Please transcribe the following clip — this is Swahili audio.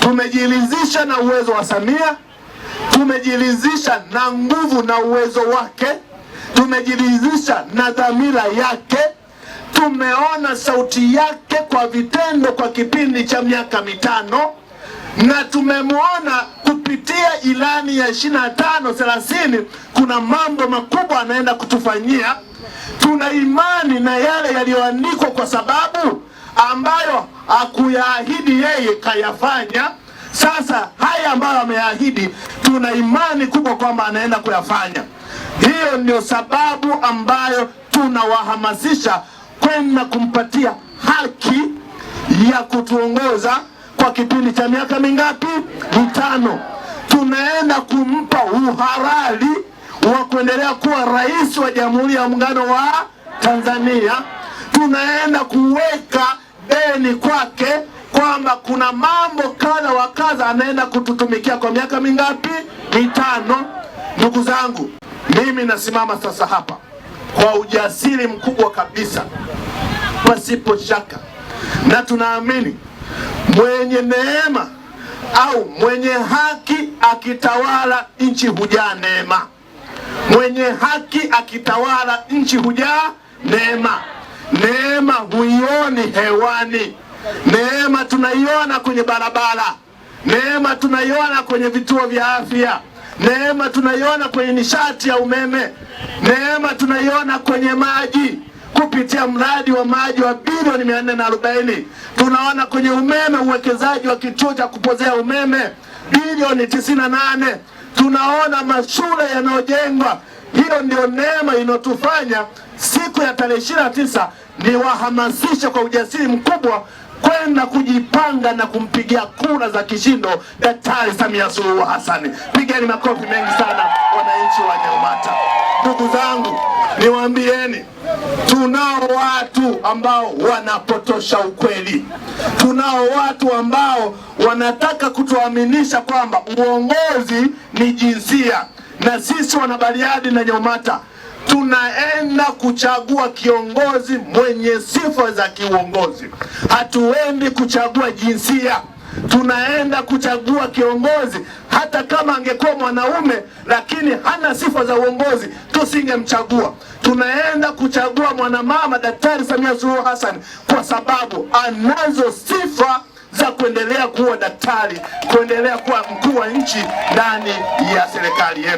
Tumejilizisha na uwezo wa Samia, tumejilizisha na nguvu na uwezo wake, tumejilizisha na dhamira yake tumeona sauti yake kwa vitendo kwa kipindi cha miaka mitano na tumemwona kupitia ilani ya ishirini na tano thelathini kuna mambo makubwa anaenda kutufanyia. Tuna imani na yale yaliyoandikwa, kwa sababu ambayo hakuyaahidi yeye kayafanya. Sasa haya ambayo ameyaahidi, tuna imani kubwa kwamba anaenda kuyafanya. Hiyo ndio sababu ambayo tunawahamasisha kwenda kumpatia haki ya kutuongoza kwa kipindi cha miaka mingapi? Mitano. Tunaenda kumpa uhalali wa kuendelea kuwa rais wa Jamhuri ya Muungano wa Tanzania. Tunaenda kuweka deni kwake kwamba kuna mambo kadha wa kadha anaenda kututumikia kwa miaka mingapi? Mitano. Ndugu zangu, mimi nasimama sasa hapa kwa ujasiri mkubwa kabisa pasipo shaka, na tunaamini mwenye neema au mwenye haki akitawala nchi hujaa neema. Mwenye haki akitawala nchi hujaa neema. Neema huioni hewani, neema tunaiona kwenye barabara, neema tunaiona kwenye vituo vya afya Neema tunaiona kwenye nishati ya umeme, neema tunaiona kwenye maji kupitia mradi wa maji wa bilioni mia nne na arobaini. Tunaona kwenye umeme uwekezaji wa kituo cha kupozea umeme bilioni tisini na nane. Tunaona mashule yanayojengwa. Hiyo ndio neema inayotufanya siku ya tarehe ishirini na tisa niwahamasishe kwa ujasiri mkubwa kwenda kujipanga na kumpigia kura za kishindo Daktari Samia Suluhu Hassan. Pigeni makofi mengi sana wananchi wa Nyamata. Ndugu zangu, niwaambieni tunao watu ambao wanapotosha ukweli. Tunao watu ambao wanataka kutuaminisha kwamba uongozi ni jinsia, na sisi bariadi na Nyamata tunaenda kuchagua kiongozi mwenye sifa za kiuongozi. Hatuendi kuchagua jinsia, tunaenda kuchagua kiongozi. Hata kama angekuwa mwanaume lakini hana sifa za uongozi, tusingemchagua. Tunaenda kuchagua mwanamama, Daktari Samia Suluhu Hassan, kwa sababu anazo sifa za kuendelea kuwa daktari, kuendelea kuwa mkuu wa nchi ndani ya serikali yetu.